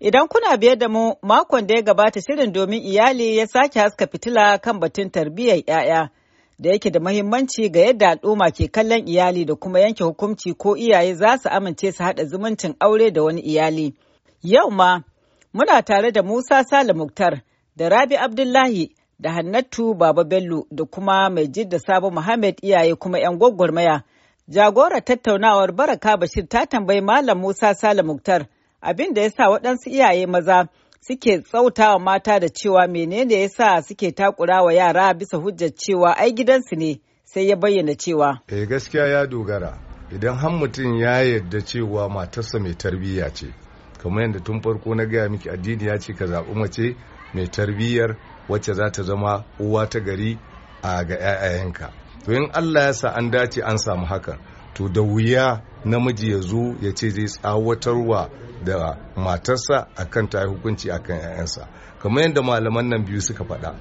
Idan kuna biyar da mu makon da ya gabata shirin domin iyali ya sake haska fitila kan batun tarbiyyar 'ya'ya da yake da mahimmanci ga yadda al'umma ke kallon iyali da kuma yanke hukunci ko iyaye za su amince su haɗa zumuncin aure da wani iyali. Yau ma muna tare da Musa Sale Muktar da Rabi Abdullahi da Hannatu Baba Bello da kuma mai jidda Sabo Muhammad iyaye kuma 'yan gwaggwarmaya. Jagorar tattaunawar Baraka Bashir ta tambayi Malam Musa Sale Muktar. abin da ya sa waɗansu iyaye maza suke tsautawa mata da cewa menene ya sa suke takura wa yara bisa hujjar cewa ai gidansu ne sai ya bayyana cewa. Eh gaskiya ya dogara idan har mutum ya yarda cewa matarsa mai tarbiyya ce kamar yadda tun farko na gaya miki addini ya ce ka zaɓi mace mai tarbiyyar wacce za ta zama uwa ta gari a ga 'ya'yayenka to in Allah ya sa an dace an samu hakan to da wuya namiji ya zo ya ce zai tsawatarwa da matarsa akan ta hukunci akan 'ya'yansa kamar yadda malaman nan biyu suka faɗa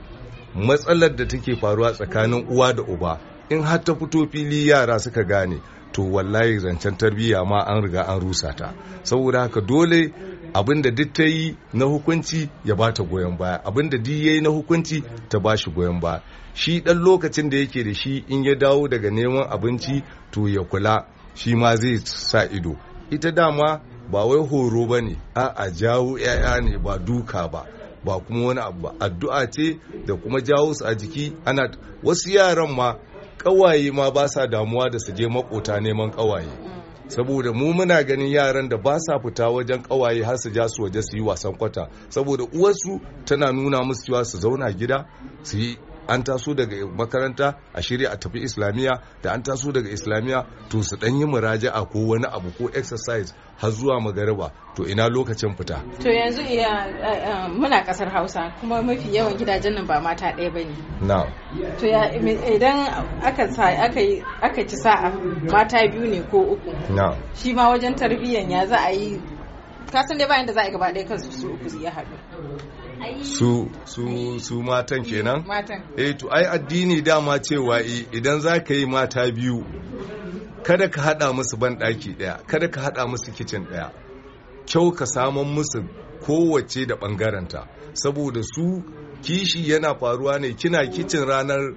matsalar da take faruwa tsakanin uwa da uba in har ta fito fili yara suka gane to wallahi zancen tarbiyya ma an riga an rusa ta saboda haka dole abinda da duk ta yi na hukunci ya ba ta goyon baya abin da duk ya yi na hukunci ta ba shi goyon baya shi ɗan lokacin da yake da shi in ya dawo daga neman abinci to ya kula shi ma zai sa ido ita dama ba wai horo ba ne a jawo 'ya'ya ne ba duka ba ba kuma wani abu ba addu'a ce da kuma jawo su a jiki ana wasu yaran ma kawaye ma ba sa damuwa da su je makota neman kawaye mm. saboda mu muna ganin yaran da ba sa fita wajen kawaye har su ja su waje su yi wasan kwata saboda uwarsu tana nuna musu cewa su zauna gida su yi an taso daga makaranta a shirya a tafi islamiyya da an taso daga islamiyya to su dan yi muraja'a ko wani abu ko exercise har zuwa magariba to ina lokacin fita to yanzu iya muna kasar hausa kuma mafi yawan gidajen nan ba mata ɗaya bane na to ya idan aka sa aka ci sa'a mata biyu ne ko uku shi ma wajen tarbiyyan ya za a yi kasan dai bayan da za a yi gaba ɗaya kansu su uku su iya haɗu su su su matan kenan eh to ai addini dama cewa idan za ka yi mata biyu kada ka hada musu banɗaki ɗaya kada ka hada musu kicin ɗaya kyau ka saman musu kowace da ɓangaranta saboda su kishi yana faruwa ne kina kicin ranar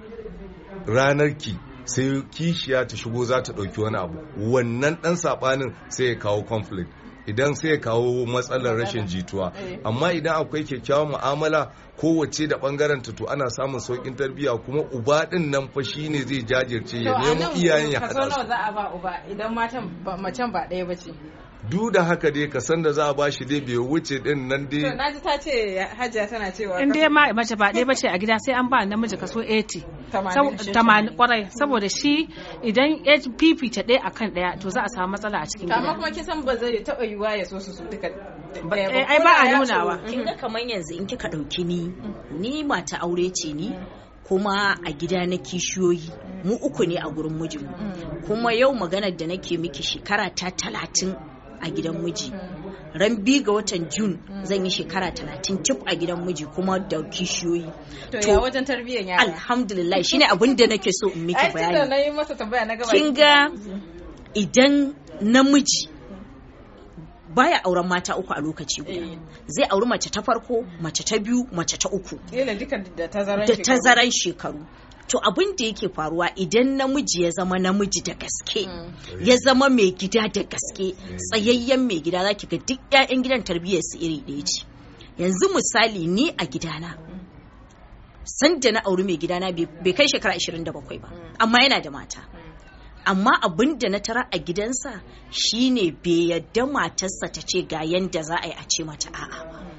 ranar ki sai kishiya ta shigo za ta ɗauki wani abu wannan ɗan saɓanin sai ya kawo conflict idan sai kawo matsalar rashin jituwa eh. amma idan akwai kyakkyawar mu'amala kowace da bangaren to ana samun saukin tarbiyya kuma uba din nan fa shine zai jajirce ya nemo iyayen ya hada su za a ba uba idan matan macen ba ɗaya bace du da haka dai ka san da za a bashi dai bai wuce din nan dai to naji ta ce hajiya tana cewa in dai ma mace ba dai bace a gida sai an ba namiji kaso 80 80 kwarai saboda shi idan HPP ta ɗaya akan ɗaya to za a samu matsala a cikin gida amma kuma kisan ba zai taɓa yiwa ya so su su duka eh, ai ba a nunawa kin ga kaman yanzu in kika ɗauki ni ni mata aure ce ni kuma a gida na kishiyoyi mu uku ne a gurin mijinmu mm. kuma yau maganar da nake miki shekara ta talatin a gidan miji ran bi ga watan jun mm. zan yi shekara talatin cip a gidan miji kuma da kishiyoyi to ya wajen tarbiyyar yara alhamdulillah shine abin da nake so in miki bayani na nayi masa tambaya na gaba kin ga idan namiji baya auren mata uku a lokaci guda eh. zai auri mace ta farko mace ta biyu mace ta uku da tazaran shekaru to abin da yake faruwa idan namiji ya zama namiji da gaske mm. ya zama mai gida da gaske tsayayyen mai gida zaki ga duk 'ya'yan gidan tarbiyyar su iri ɗaya ce yanzu misali ni a gidana sanda na auri mai gidana bai kai shekara 27 ba mm. amma yana da mata mm. amma abin da na tara a gidansa shine bai yadda matarsa ta ce ga yanda za a yi a ce mata a'a ba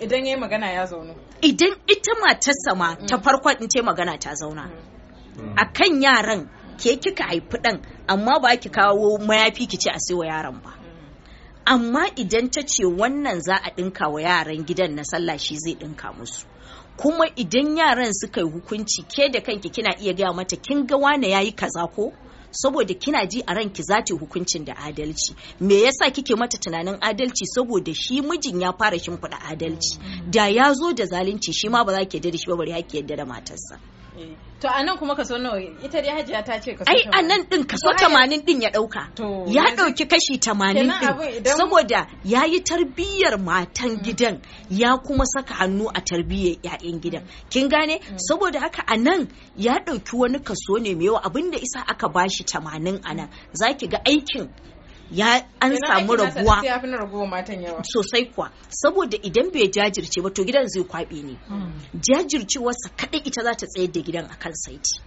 idan yayi magana ya zauna idan ita matarsa ma ta mm. farkon in ce magana ta zauna mm. mm. akan yaran ke kika haifi ɗan, amma ba ki kawo mayafi ki ce a sai wa yaran ba amma idan ta ce wannan za a ɗinka wa yaran gidan na sallah shi zai ɗinka musu kuma idan yaran suka yi hukunci ke da kanki kina iya gaya mata kin ga wane yayi kaza ko saboda kina ji a ranki za ta hukuncin da adalci me yasa kike mata tunanin adalci saboda shi mijin ya fara shimfiɗa adalci da ya zo da zalunci shi ma ba za ki yarda da shi ba bari ki yarda da matarsa eh. To a nan kuma kaso nawa ita dai hajiya ta ce kaso Ai a nan din kaso tamanin din ya ɗauka. Ya ɗauki kashi tamanin din. Saboda ya yi tarbiyyar matan mm. gidan ya kuma saka hannu a tarbiyyar 'ya'yan gidan. Kin gane? Mm. Saboda haka a nan ya ɗauki wani kaso ne mai yawa abinda isa aka bashi tamanin a nan. Za ga aikin ya an samu raguwa sosai kuwa saboda idan bai jajirce ba to gidan zai kwabe ne hmm. jajircewarsa kadai ita za ta tsayar da gidan akan saiti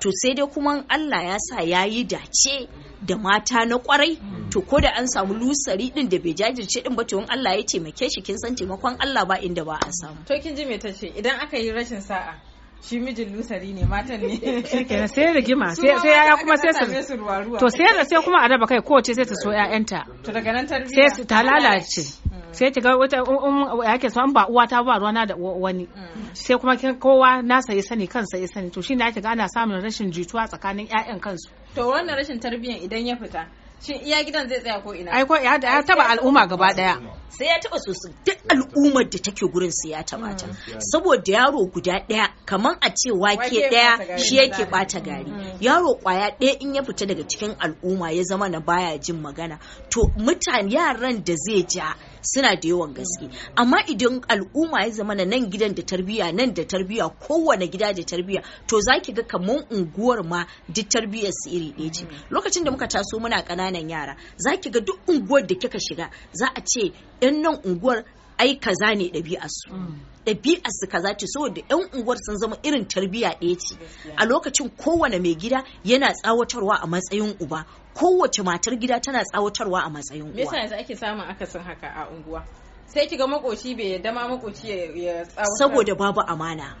to sai dai kuma Allah ya sa ya yi dace da mata na kwarai hmm. to ko da an samu lusari din da bai jajirce din ba to Allah ya taimake shi kin san taimakon Allah ba inda ba a samu to kin ji me tace idan aka yi rashin sa'a shi mijin lusari ne matan ne shikenan sai rigima sai yaya kuma sai su to sai sai kuma a raba kai kowace sai ta so ƴaƴanta to daga nan tarbiya sai ta lalace mm. sai ki ga wata um yake so an ba uwa ta ba ruwana da wani mm. sai kuma kowa nasa ya sani kansa ya sani to ne yake ga ana samun rashin jituwa tsakanin ƴaƴan kansu to wannan rashin tarbiyyan idan ya fita Shin iya gidan zai tsaya ko ina? Ai ko ya taba al'umma gaba daya. Sai ya taba sosai duk al'ummar da take gurin su ya taba ta. Mm. Saboda yaro guda daya kamar a ce wake daya shi yake bata gari. Mm. Yaro kwaya daya in ya fita daga cikin al'umma ya zama na baya jin magana to mutane yaran da zai ja suna da yawan gaske amma idan al'umma ya zama nan gidan da tarbiya nan da tarbiya kowane gida da tarbiya to zaki ga kamar unguwar ma duk tarbiyar su iri ɗaya ce mm. lokacin da muka taso muna ƙananan yara zaki ga duk unguwar da kika shiga za a ce yan nan unguwar ai kaza ne ɗabi'arsu mm. ɗabi'arsu kaza ce saboda yan unguwar sun zama irin tarbiyya ɗaya ce a lokacin kowane mai gida yana tsawatarwa a matsayin uba kowace matar gida tana tsawatarwa a matsayin uba. me yasa yanzu ake samun akasin haka a unguwa sai kiga makoci bai yadda ma makoci ya tsawatar saboda babu amana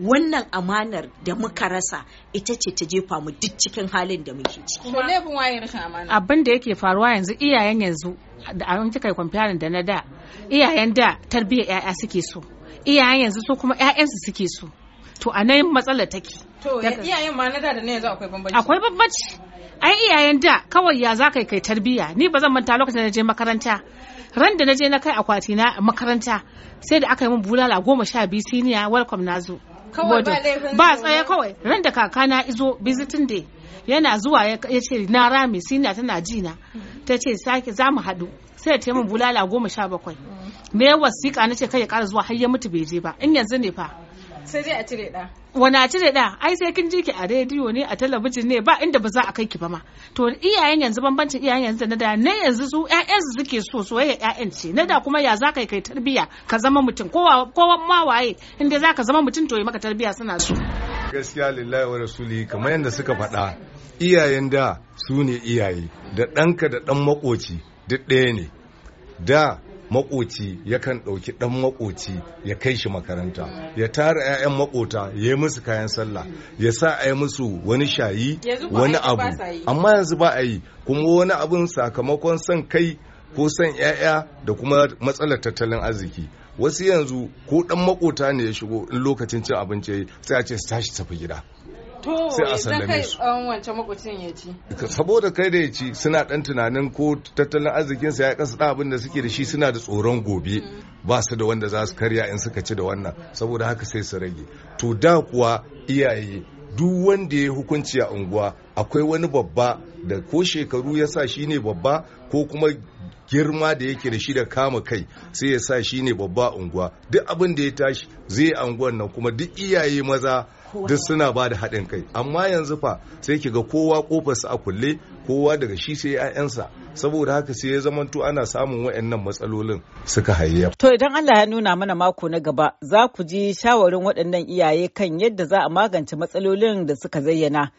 wannan amanar da muka rasa ita ce ta jefa mu duk cikin halin da muke ciki kuma laifin waye rashin amana abin da yake faruwa yanzu iyayen yanzu da an kika kwamfiyarin da na da iyayen da tarbiyyar yaya suke so iyayen yanzu so kuma su suke so to a nan matsalar take to iyayen ma na da da na yanzu akwai bambanci akwai bambanci ai iyayen da kawai ya za kai kai tarbiyya ni ba zan manta lokacin da na je makaranta ran da na je na kai akwati na makaranta sai da aka yi min bulala goma sha biyu siniya welcome na zo kawai ba tsaye kawai ran da kakana izo bizitin da yana zuwa ya ce na rame sina tana jina ta ce sake za mu haɗu sai ta min bulala goma sha bakwai me wasiƙa na ce kai ya ƙara zuwa har ya mutu bai je ba in yanzu ne fa sai dai a cire ɗa wana a cire da ai sai kin ji ki a rediyo ne a talabijin ne ba inda ba za a kai ki ba ma to iyayen yanzu bambancin iyayen yanzu na da ne yanzu su ƴaƴan su suke so soyayya ƴaƴan ce na da kuma ya za ka kai tarbiya ka zama mutum kowa kowa ma waye inda za ka zama mutum to yi maka tarbiya suna su. gaskiya lillahi wa rasuli kamar yanda suka faɗa iyayen da su ne iyaye da ɗanka da ɗan makoci duk ɗaya ne da makoci yakan ɗauki ɗan makoci ya kai shi makaranta ya tara 'ya'yan makota ya yi musu kayan sallah ya sa a yi musu wani shayi wani abu amma yanzu ba a yi kuma wani abun sakamakon son kai ko son 'ya'ya da kuma matsalar tattalin arziki wasu yanzu ko ɗan makota ne ya shigo in lokacin cin abinci sai a ce su tashi tafi gida sai a eh, sallame su saboda kai da ya ci suna ɗan tunanin ko tattalin arzikin sa ya kasa da abin da suke da shi suna da tsoron gobe mm-hmm. ba su da wanda za su karya in suka ci da wannan saboda haka sai su rage to da kuwa iyaye duk wanda ya hukunci a unguwa akwai wani babba da ko shekaru ya sa shi ne babba ko kuma girma da yake da shi da kama kai sai ya sa shi ne babba unguwa duk abin da ya tashi zai yi anguwan nan kuma duk iyaye maza duk suna ba da haɗin kai amma yanzu fa sai ki ga kowa kofarsa a kulle kowa daga shi sai 'ya'yansa saboda haka sai ya zamanto ana samun waɗannan matsalolin suka hayayya. To idan Allah ya nuna mana mako na gaba za ku ji shawarin waɗannan iyaye kan yadda za a magance matsalolin da suka zayyana.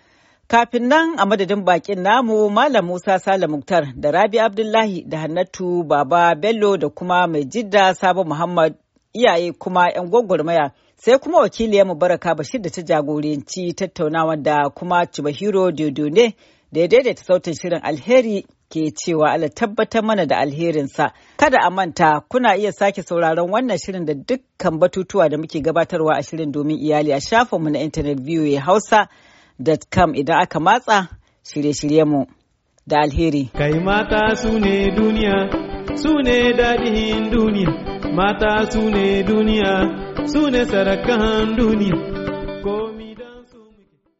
Kafin nan a madadin bakin namu Malam Musa Sale Muktar da Rabi Abdullahi da Hannatu Baba Bello da kuma mai jidda Sabo Muhammad iyaye kuma 'yan gwagwarmaya sai kuma wakili wakiliyarmu Baraka Bashir da ta jagoranci tattaunawa da kuma Chibahiro Dodone da ya daidaita sautin shirin alheri ke cewa ala tabbatar mana da alherinsa. Kada a manta kuna iya sake sauraron wannan shirin da dukkan batutuwa da muke gabatarwa a shirin domin iyali a shafinmu na intanet ya Hausa. Datkam idan aka matsa shirye-shiryenmu da alheri. Kai mata su ne duniya, su ne daɗin duniya, mata su ne duniya, su ne sarakan duniya.